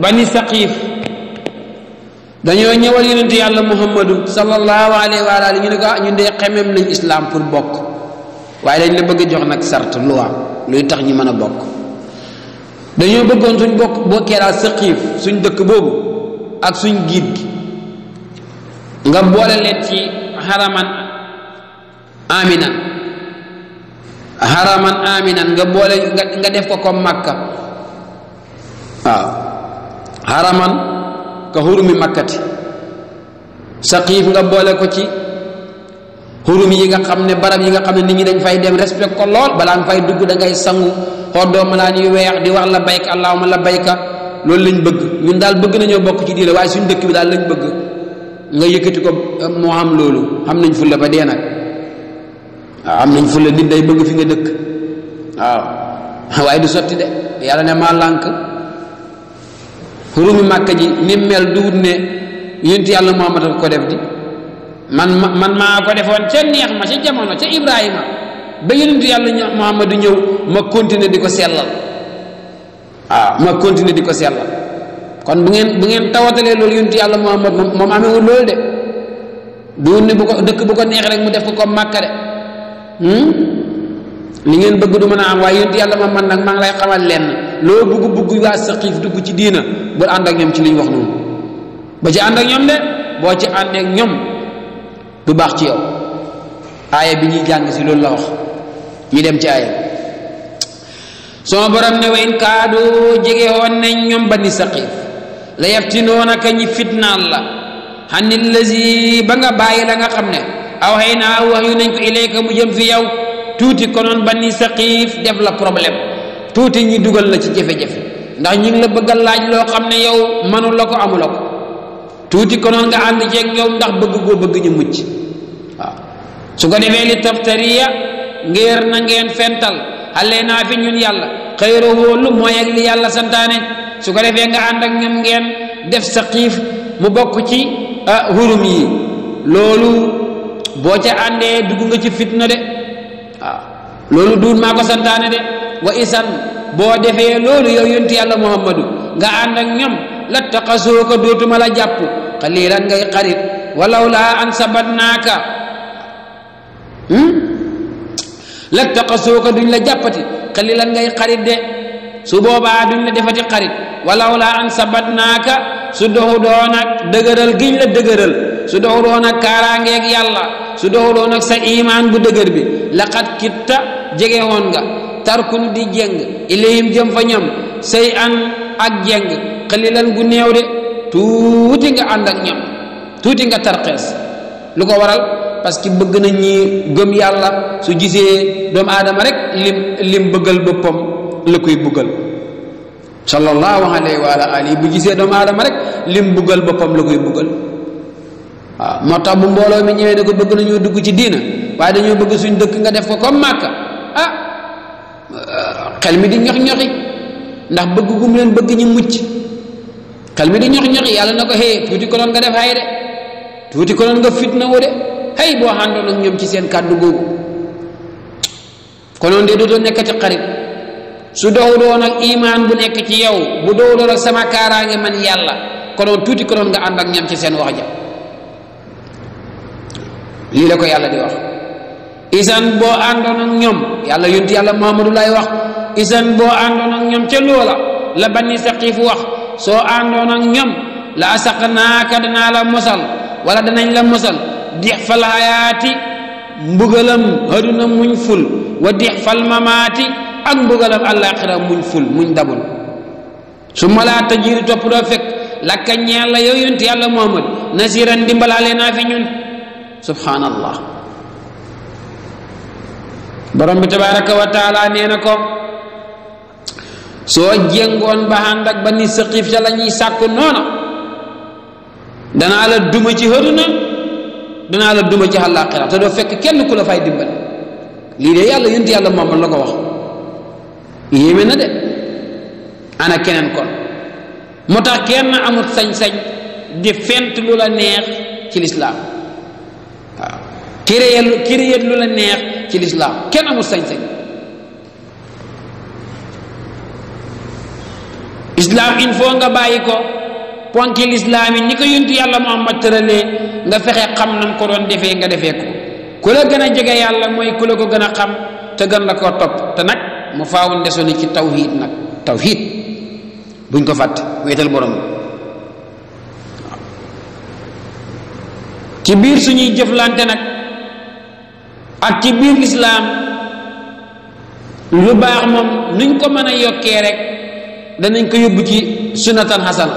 bani saqiif dañoo ñëwal yonente yàlla muhammadu sallallahu alayhi wa alihi ñu ne ko ah, ñu dee xemem nañ islaam pour bokk waaye dañ la bëgg a jox nag sart loi luy tax ñi mën a bokk dañoo bëggoon suñ bokk bokkee daal saqiif suñ dëkk boobu ak suñ giid gi nga boole leen ci xaraman aminan xaraman aminan nga boole nga def ko ko màkka waaw haraman ka hurumi makkati saqiif nga boole ko ci xurum yi nga xam ne barab yi nga xam ne nit ñi dañ fay dem respect ko lool balaa nga fay dugg da ngay sangu xoddoo malaan yu weex di wax la bayka allahuma la bayka loolu lañ bëgg ñun daal bëgg nañoo bokk ci diine waaye suñu dëkk bi daal lañ bëgg nga yëkkati ko moo xam loolu xam nañ fulla ba dee nag waaw am nañ fulla nit day bëgg fi nga dëkk waaw waaye du sotti de yàlla ne maa lànk hurumi makka ji ni mel du ne yunti yalla muhammad ko def di man man ma ko defon ci neex ma ci jamono ci ibrahima ba yonentu yàlla muhammad ñew ma continuer di selal ah ma continuer di selal kon bu ngeen bu ngeen tawatalé lol yalla muhammad moom amewul lol de du ne bu ko dekk bu ko neex rek mu def ko comme de hmm? li ngeen bëgg du mëna am muhammad nag maa ngi lay xamal lenn loo bugg bugg waa sa dugg ci diina bu ànd ak ñoom ci li wax noonu ba ci ànd ak ñoom de boo ci àndee ak ñoom du baax ci yow aaye bi ñuy jàng si loolu la wax ñu dem ci aaya sama borom ne wayn kaadu jege woon nañ ñoom bani saqiif la yaftinoonaka ñi fitnaal la xan lazi ba nga bàyyi la nga xam ne aw xëy naa wax yu nañ ko ilayka mu jëm fi yow tuuti konoon bani saqiif def la problème tuuti ñu dugal la ci jafe-jafe ndax ñu ngi la bëgg laaj loo xam ne yow mënu la ko amula ko tuuti konoon nga ànd ceeg yow ndax bëgg goo bëgg ñu mucc waaw su ko defee li taftariya ngir na ngeen fental xale naa fi ñun yàlla xëyro wóolu mooy ak li yàlla santaane su ko defee nga ànd ak ñoom ngeen def sa xiif mu bokk ci hurum yi loolu boo ca àndee dugg nga ci fitna de loolu duut maa santaane de wa isan boo defee loolu yow yonti yàlla muhammadu nga ànd ak ñoom la taqasoo ko dootuma la jàpp xalilan ngay xarit walaw laa an sabatnaaka hmm? la taqasoo ko duñ la jàppati xalilan ngay xarit de su duñ la defati xarit walaw laa an sabatnaaka su doxu doon ak dëgëral giñ la dëgëral su doxu doon ak yàlla su doxu doon ak sa imaan bu dëgër bi laqad kitta jege woon nga tarkun di jeng ilayhim jam fa ñam say an ak jeng xalilan gu neew de tuuti nga ànd ak ñam tuuti nga tarxees lu ko waral parce que bëgg na ñi gëm yàlla su gisee doomu aadama rek lim lim bëggal boppam la koy buggal sallallahu alayhi wa alihi bu gisee doomu aadama rek lim buggal boppam la koy buggal waaw ah, bu mi ko bëgg dugg ci diina bëgg dëkk nga def ko comme xel mi di ñox ñoxi ndax bëgg gu mu leen bëgg ñu mucc xel mi di ñox ñoxi yàlla na ko xëy tuuti ko nga def xay de tuuti ko doon nga fitna wu de xëy boo àndoon ak ñoom ci seen kàddu googu konoon de dootoo nekkati xarit su doowu doon ak imaan bu nekk ci yow bu doowu doon sama kaaraange man yàlla konoon tuuti konoon nga ànd ak ñoom ci seen wax ja lii la ko yàlla di wax isan boo àndoon ak ñoom yàlla yonent yàlla Muhammadu wax isan bo andon ak ñom ci loola la bani saqif wax so andon ak ñom la ka dana la musal wala danañ la musal di fal hayati, mbugalam aduna muñ ful wa di fal mamaati ak mbugalam àllaaxira muñ ful muñ dabul suma la laa top do fek la ka la yow yonti yàlla muhammad nasiran dimbalaale na fi ñun subhanallah borom bi wa taala nee soo jéngoon ba ànd ak ba ni sëqiif ca la ñuy sàkk noona danaa la duma ci àddina danaa la duma ci àllaaxira te doo fekk kenn ku la fay dimbali lii de yàlla yonent yàlla moom la ko wax yéeme na de ana keneen kon moo tax kenn amut sañ-sañ di fent lu la neex ci lislaam waaw créer lu la neex ci lislaam kenn amut sañ-sañ islam il faut nga bàyyi ko ponki lislaam yi ni ko yuntu yàlla muhammad tëralee nga fexe xam nam ko doon defee nga defee ko ku la gën a jege yàlla mooy ku la ko gën a xam te gën la koo topp te nag mu faawoon desoon ci tawhid nag tawhid buñ ko fàtte wéetal borom ci biir suñuy jëflante nag ak ci biir lislaam lu baax moom nuñ ko mën a yokkee rek danañ ko yóbbu ci sunnatan xasana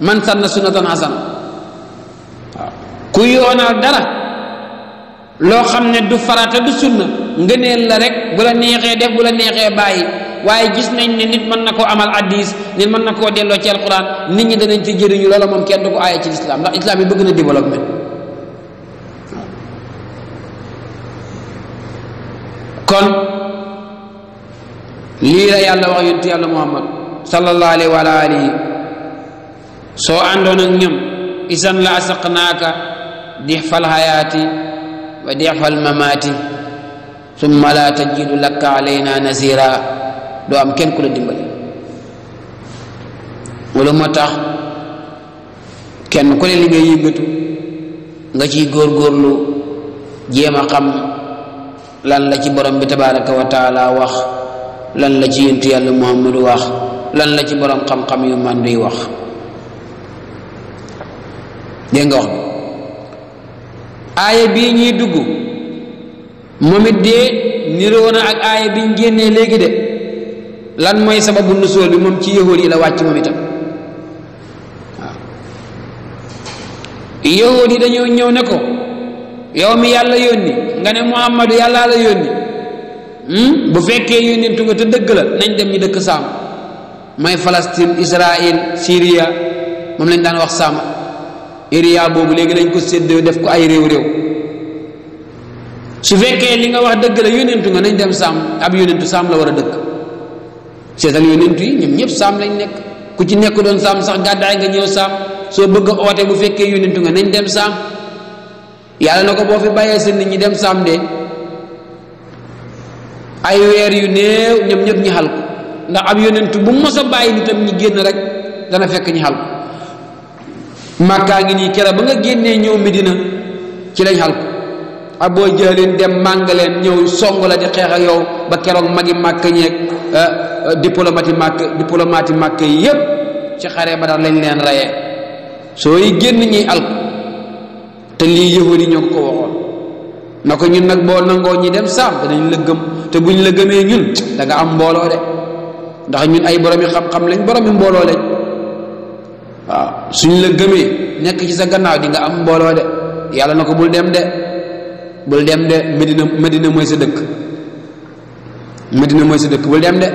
man sanna sunnatan xasana waaw ku yoonal dara loo xam ne du farata du sunna ngëneel la rek bu la neexee def bu la neexee bàyyi waaye gis nañ ne nit mën na koo amal addis nit mën na koo delloo ci alquran nit ñi danañ ci jëriñu loola moom kenn du ko aaye ci lislaam ndax islam yi bëgg na développement kon lii la yàlla wax yonent yàlla muhammad sallallahu alayhi wa alihi soo àndoon ak ñoom isan la asaqnaaka dixfal xayaati wa dixfal mamaati summa la tajidu lakka alayna nasira doo am kenn ku la dimbali wala moo tax kenn ku ne li ngay yëngatu nga ciy góorgóorlu jéem a xam lan la ci borom bi tabaraka wa wax lan la ci yéntu yàlla muhammadu wax lan la ci borom xam-xam yu màndu yi wax dégg nga wax bi aaya bii ñuy dugg moom it dee niroo na ak aaya bi ñu léegi de lan mooy sababu nusool bi moom ci yahood yi la wàcc moom itam waaw yi dañoo ñëw ne ko yow mi yàlla yónni nga ne muhammadu yàllaa la yónni Hmm? bu fekkee yónnentu nga te dëgg la nañ dem ñu dëkk saam mooy Palestine Israël Syria moom lañ daan wax saam area boobu léegi lañ ko séddoo def ko ay réew-réew su fekkee li nga wax dëgg la yónnentu nga nañ dem saam ab yónnentu saam la war a dëkk seetal yónnentu yi ñoom ñëpp saam lañ nekk ku ci nekk doon saam sax gàddaay nga ñëw saam soo bëgg a bu fekkee yónnentu nga nañ dem saam yàlla na ko boo fi bàyyee seen nit ñi dem saam de ay wer yu neew ñom ñep ñi hal ko ndax ab yonent bu mos a bàyyi nitam ñi genn rek dana fekk ñi hal makka ngi ni kera ba nga nyu ñew medina ci lañ hal abo aboo dem mangalen ñew songu la di xex ak yow ba keroog magi makka ñek eh, eh, diplomatie makka diplomatie makka yeb ci xare ba dal lañ leen rayee sooy genn ñi alk te li yehudi ñoko ko na ko ñun nag boo nangoo ñi dem saam danañ la gëm te buñ la gëmee ñun danga am mbooloo de ndax ñun ay boromi xam-xam lañ boromi mbooloo lañ waaw suñ la gëmee nekk ci sa gannaaw di nga am mbooloo de yàlla na ko bul dem de bul dem de Medina Medina mooy sa dëkk Medina mooy sa dëkk bul dem de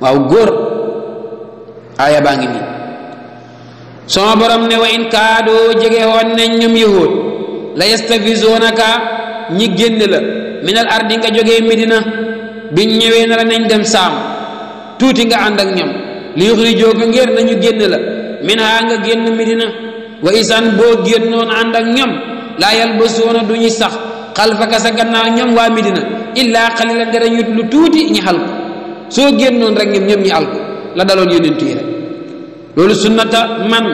waaw góor aaya baa ngi nii sama borom ne wa in kaadoo jege woon nañ ñoom yahóot la yastafizunaka ñi génn la minal ardi nga joge Medina biñ ñëwee na la nañ dem saam tuuti nga ànd ak ñoom li yuxrijoo ko ngir nañu génn la min nga génn Medina wa isan boo génnoon ànd ak ñoom laa yalbasuuna du ñu sax xalfaka sa gannaaw ñoom waa Medina illaa xalilan a ñu tuuti ñi xal soo génnoon rek ñoom ñoom ñi àl ko la daloon yonent yi rek loolu sunnata man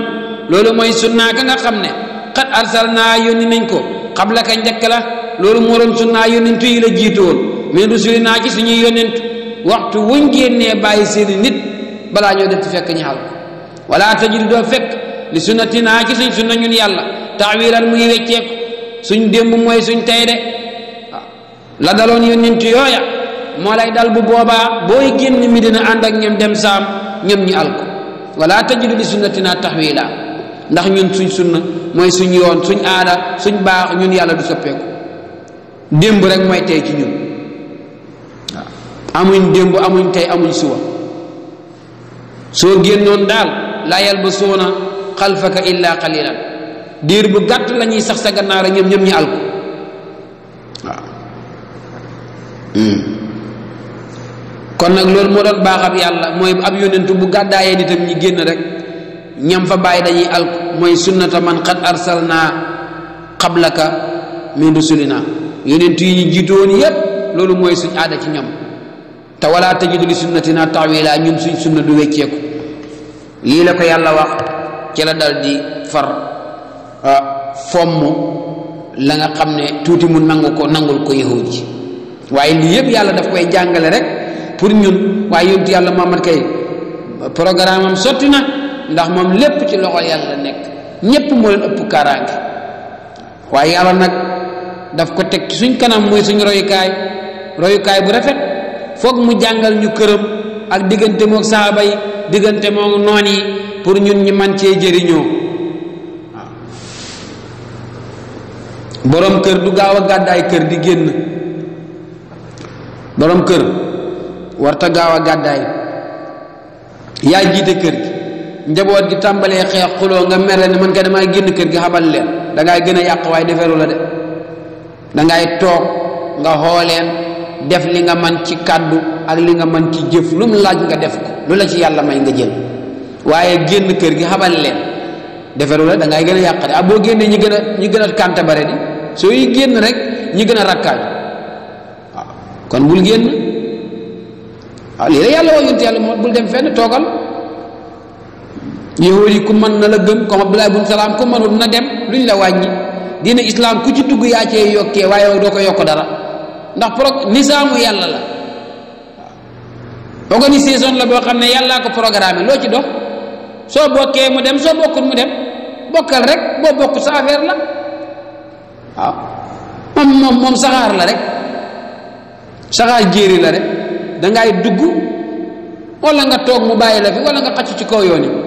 loolu mooy sunnaa ka nga xam ne xat arsalnaa yónni nañ ko xabla ka njëkk la loolu moo doon sunnaa yónnentu yi la jiitoon min rusulinaa ci suñuy yónnentu waxtu wuñ génnee bàyyi seeni nit balaa ñoo def fekk ñu xal wala tajidu doo fekk li sunnatinaa ci suñ sunna ñun mu taawilan muy wecceeku suñ démb mooy suñ tey de la daloon yónnentu yooya moo lay dal bu boobaa booy génn mi dina ànd ñoom dem saam ñoom ñu al ko wala tajidu sunnatinaa tahwiila ndax ñun suñ sunna mooy suñ yoon suñ aada suñ baax ñun yàlla du soppeeku démb rek mooy tey ci ñun waaw amuñ démb amuñ tey amuñ suba soo génnoon daal laa yalbasuuna xalfaka illa qalilan diir bu gàtt la ñuy sax sa gannaaw rek ñoom ñoom ñu alku waaw hmm. kon nag loolu moo doon baax yàlla mooy ab yónentu bu gàddaayee nitam ñi génn rek ñam fa bàyyi dañuy alku mooy sunnata man qad arsalna qablaka min rusulina yonent yi ñu jiitoon yépp loolu mooy suñ aada ci ñoom te wala tajidu li sunnatina tawila ñun suñ sunna du wécceeku lii la ko yàlla wax ci la dal di far fomm la xam ne tuuti mu nangu ko nangul ko yahud ji waaye lii yëpp yàlla daf koy jàngale rek pour ñun waaye yontu yàlla Muhammad kay programme sotti na ndax moom lépp ci loxo yàlla nekk ñépp moo ëpp kaaraange waaye yàlla nag daf ko teg ci suñ kanam muy suñ royukaay royukaay bu rafet foog mu jàngal ñu këram ak diggante mook saaba yi diggante mook noon yi pour ñun ñu man cee jëriñoo boroom kër du gaaw a gàddaay kër di génn boroom kër warta gaaw a gàddaay yaa jiite kër gi njabot gi tàmbalee xex xulo nga mere ne man ka dama genn kër gi xamal leen da nga gëna yaq way waaye deferu la de da ngay tok nga xooleen def li nga man ci kaddu ak li nga man ci jëf lu mu laaj nga def ko lu la ci yalla may nga jël waye genn kër gi xamal leen deferu la da ngay gëna yaq yàq de ah, genn ñi gëna ñi gëna bare di yi rek ñi gëna ah, kon bul genn ali ah, lii la yàlla woo bul dem fenn togal yahud ku man na la gëm comme abdullah ibn salam ku manul na dem luñ la wañi dina islam ku ci dugg ya ci yokkee waye do ko yok dara ndax pro nisaamu yalla la organisation la bo xam yalla ko programmer lo ci dox so bokkee mu dem so mu dem bokal rek bo bokku sa affaire la waaw mom mom moom la rek saxaar jeri la rek da ngay dugg wala nga tok mu bayila fi wala nga ci ko yoni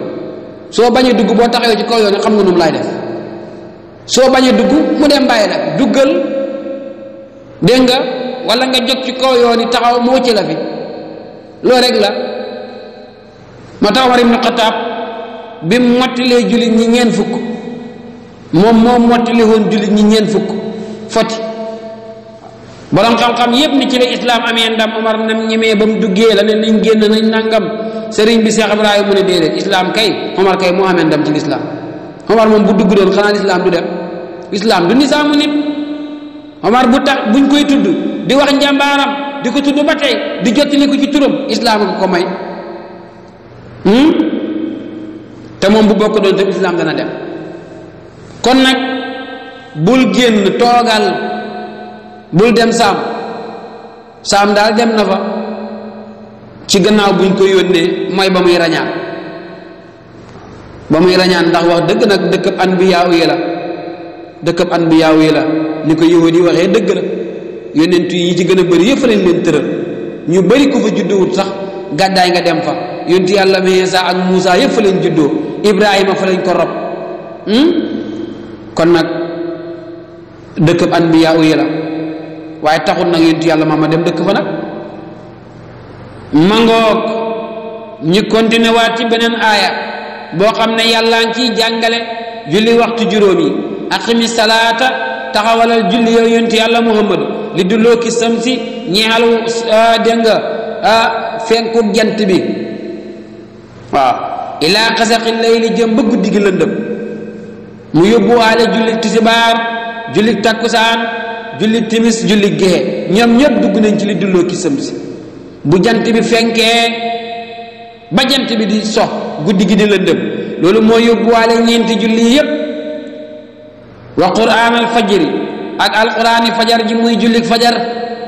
soo bañee dugg boo taxawee ci kaw yoon xam nga num lay def soo bañee dugg mu dem bàyyi la duggal dégg nga wala nga jot ci kaw yoon yi taxaw mu ci la fi loo rek la ma tax war ibnu xataab bi mottalee julit ñi ñeen fukk moom moo mottalee woon julit ñi ñeen fukk foti borom xam-xam yépp ni ci islam amee ndam omar nam ñemee bam mu duggee la ne nañ génn nañ nangam sëriñ bi cheikh ibrahima mu ne islam kay omar kay mu amee ndam ci Islam, omar moom bu dugg doon xanaa islam du dem islam du nisaamu nit omar bu tax buñ koy tudd di wax njàmbaaram di ko tudd ba tey di ci turam islam ko ko may hmm? te moom bu bokk doon tam islam kan dana dem kon nag bul génn toogal bul dem saam saam daal dem na fa ci gannaaw buñ ko yónnee mooy ba muy rañaan ba muy rañaan ndax wax dëgg nag bi anbiyaaw yi la dëkk dëkkab yaaw yi la ni ko di waxee dëgg la yonent yi ci gën a bari yëpp lañ leen tëral ñu bëri ko fa judduwut sax gàddaay nga dem fa yonent yàlla Iisaa ak Muusaa yëpp fa lañ juddoo Ibrahima fa lañ ko rob hmm? kon nag dëkk bi anbiyaaw yi la waaye taxut nag yonentu yàlla ma ma dem dëkk fa nag mangoog ñi continué waat ci beneen aaya boo xam ne yàllaa ngi ciy jàngale julli waxtu juróom yi aqimi salaata taxawalal julli yow yonentu yàlla muhammad li dullooki samsi ñeexalu ah, dégg nga ah, fenku jant bi waaw ilaa xasaqi layli jëm ba guddi lëndëm mu yóbbuwaale julli tisibaar julli takkusaan julli timis julli gexe ñoom ñëpp dugg nañ ci li dulloo ki sëm si bu jant bi fenkee ba jant bi di sox guddi gi di lëndëm loolu moo yóbbuwaale ñeenti julli yépp wa quraan al fajri ak alquraani fajar ji muy jullik fajar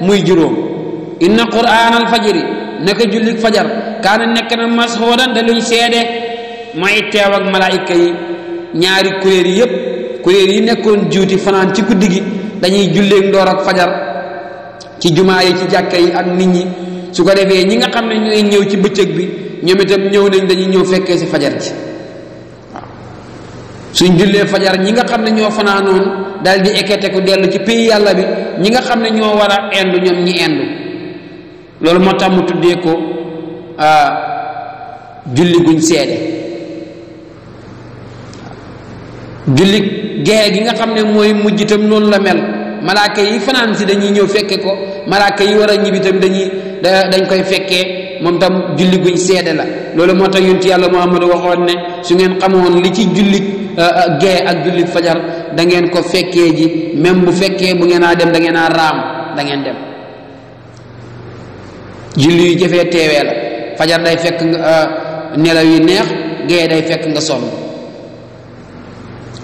muy juróom inna quraan al fajri naka jullik fajar kaana nekk na masxoodan da luñ seede mooy teew ak malaayika yi ñaari kuréel yi yépp kuréel yi nekkoon juuti fanaan ci guddi gi dañuy julleeg ndoor ak fajar ci jumaa yi ci jàkka yi ak nit ñi su ko defee ñi nga xam ne ñëw ci bëccëg bi ñoom itam ñëw nañ dañuy ñëw fekkee si fajar suñ jullee fajar nga xam ne ñoo fanaanoon daal di ekkete ku dellu ci pays yàlla bi ñi nga xam ne ñoo war a endu ñoom ñi indu loolu moo tax mu tuddee ko ah, julli guñ seede julli gehe gi nga xamne moy mujjitam non la mel malaaka yi fanan ci dañuy ñew fekke ko malaaka yi wara ñibi tam dañuy dañ koy fekke mom tam julli guñ sédé la lolu moo tax yonent yàlla muhammad waxon ne su ngeen xamoon li ci julli euh, euh, ge ak julli fajar da ngeen ko fekke ji même bu fekke bu ngeena dem da ngeena a da ngeen dem julli yu jafee la fajar day fekk nga euh, nelaw yi neex ge day fekk nga sonu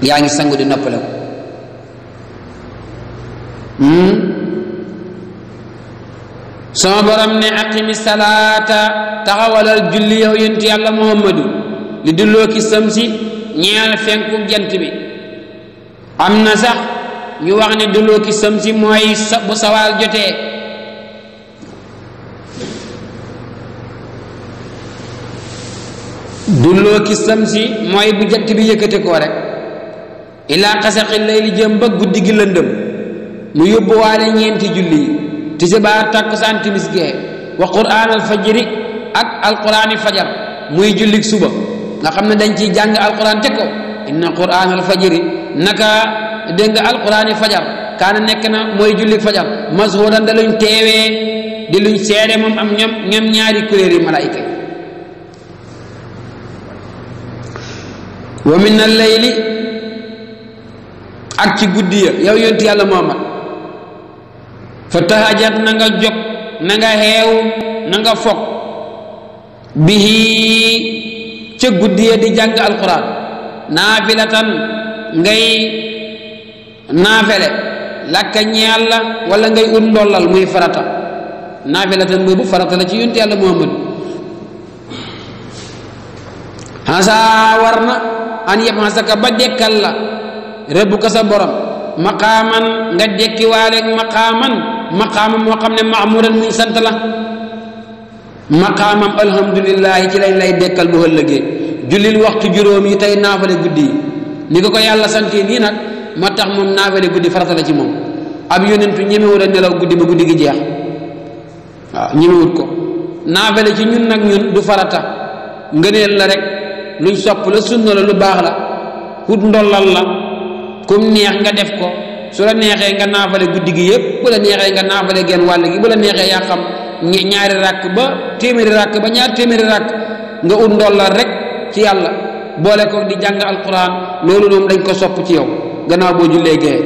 yaa ngi sangu di noppaleku hmm? sama borom ne aqimi salaata taxawalal julli yow yent yàlla muhammadu li dulloo ki samsi ñeel fenku jant bi am na sax ñu wax ne dulloo ki samsi mooy bu sawaal jotee dulloo ki samsi mooy bu jant bi yëkkate koo rek ilaa xasaqi layli jëm ba guddi gi lëndëm mu yóbbu waale ñeenti julli yi tisbaar takkusaan timis gee wa quraan al ak alquraani fajar muy jullik suba nga xam ne dañ ciy jàng alquraan te ko inna quraan al fajri naka dégg nga alquraani fajar kaana nekk na mooy jullik fajar mashhuudan da luñ teewee di luñ seede moom am ñoom ñoom ñaari kuréeri malaayika wa min al ak ci guddi ya yow ya, yonti ya, yàlla muhammad fa tahajat na nga jog na nga xeew na nga fok bihi ci guddi ya di jang alquran nafilatan ngay naafele lak ñeel la wala ngay ut muy farata muy bu farata la ci yent yalla muhammad hasa warna na an yëpp xasaka la rëbb ko sa borom maqaaman nga dekkiwaaleeg maqaaman maqaamam moo xam ne maamuran muñ sant la maqaamam alhamdulilahi ci lañ lay dekkal bu ëllëgee jullil waxtu juróom yi tey naafale guddi yi ni ko yàlla santee nii nag moo tax moom naafale guddi farata la ci moom ab yonentu ñemewut a nelaw guddi ba guddi gi jeex waaw ñemewut ko naafale ci ñun nag ñun du farata ngëneel la rek luñ sopp la sunna la lu baax la xut ndollal la kum neex nga def ko su la neexee nga naafale guddi gi yëpp bu la neexee nga naafale gen wàll gi bu la neexee yaa xam ñaari ràkk ba téeméeri ràkk ba ñaar téeméeri ràkk nga ut la rek ci yàlla boole ko di jàng alquran loolu moom dañ ko sopp ci yow gannaaw boo jullee gee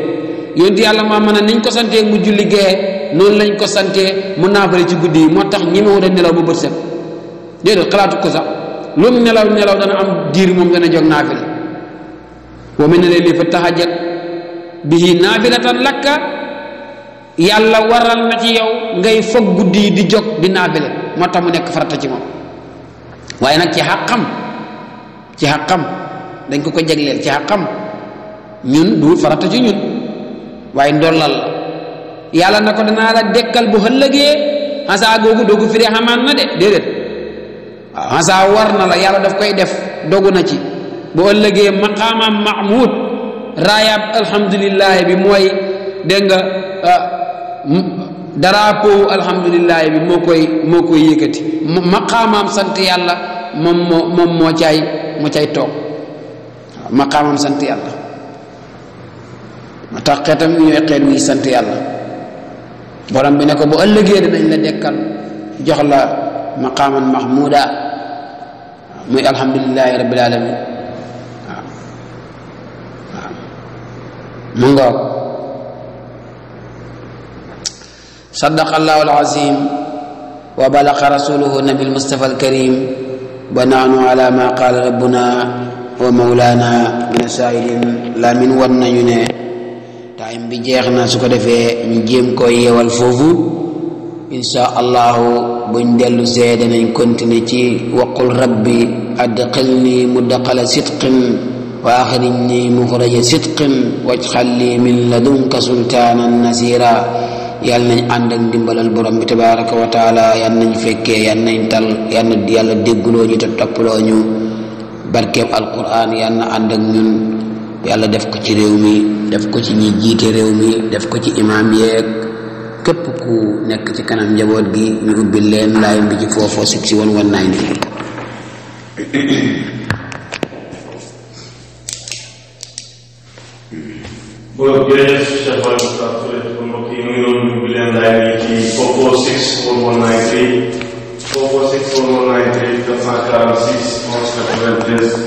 yonti yàlla maa mën na niñ ko santee mu julli gee noonu lañ ko santee mu naafale ci guddi yi moo tax ñi ma wut a nelaw ba bët set déedéet xalaatu ko sax lu mu nelaw wa min al-layli fatahajjad bihi naafilatan lakka yàlla waral na ci yow ngay foog guddi di jóg di naafile moo tax mu nekk farata ci moom waaye nag ci xàqam ci dañ ko ko jagleel ci xàqam ñun du waaye ndollal la yàlla na ko danaa la dekkal bu ëllëgee xansaa googu doogu firi xamaan na de déedéet waaw xansaa war na la yàlla daf koy def dogu na ci boo ëllëgee maqaamaam mahmud raayaab alhamdulilahi bi mooy dégg nga ah, daraapowu alhamdulilahi bi mu koy moo koy sant yàlla moom moo moom moo cay moo cay toog waaw maqaamaam sant yàlla ma tax xeetam ñooy xeet wuy sant yàlla borom bi ne ko bu ëllëgee dinañ la dekkal jox la mahmuda muy alhamdulilahi rabbil alamin منظر صدق الله العظيم وبلغ رسوله النبي المصطفى الكريم ونعن على ما قال ربنا ومولانا من سائل لا من ون ين تعين بي جيخنا سوكو دافي جيم كو ييوال ان شاء الله بندل دلو زيد نكونتيني تي وقل ربي أدقلني مدقل صدق وأخرج لي مخرج صدق واجعل لي من لدنك سلطانا نصيرا yàlla nañ ànd ak ndimbalal borom bi tabaraka wa taala yal nañ fekkee yal nañ tal yal yàlla déggloo ñu te toppaloo ñu barkeeb alquran yàlla def ko ci réew mi def ko ci ñi jiite réew mi def ko ci imaam yeeg képp ku nekk ci kanam njaboot gi ñu ubbi leen laay bi ci foofoo sib si wan Μπορώ πειράζει σε πολλές πρακτορές του νομοκοινωνίου του Βιλενδάιμι και το 6.193 κόπο 6.193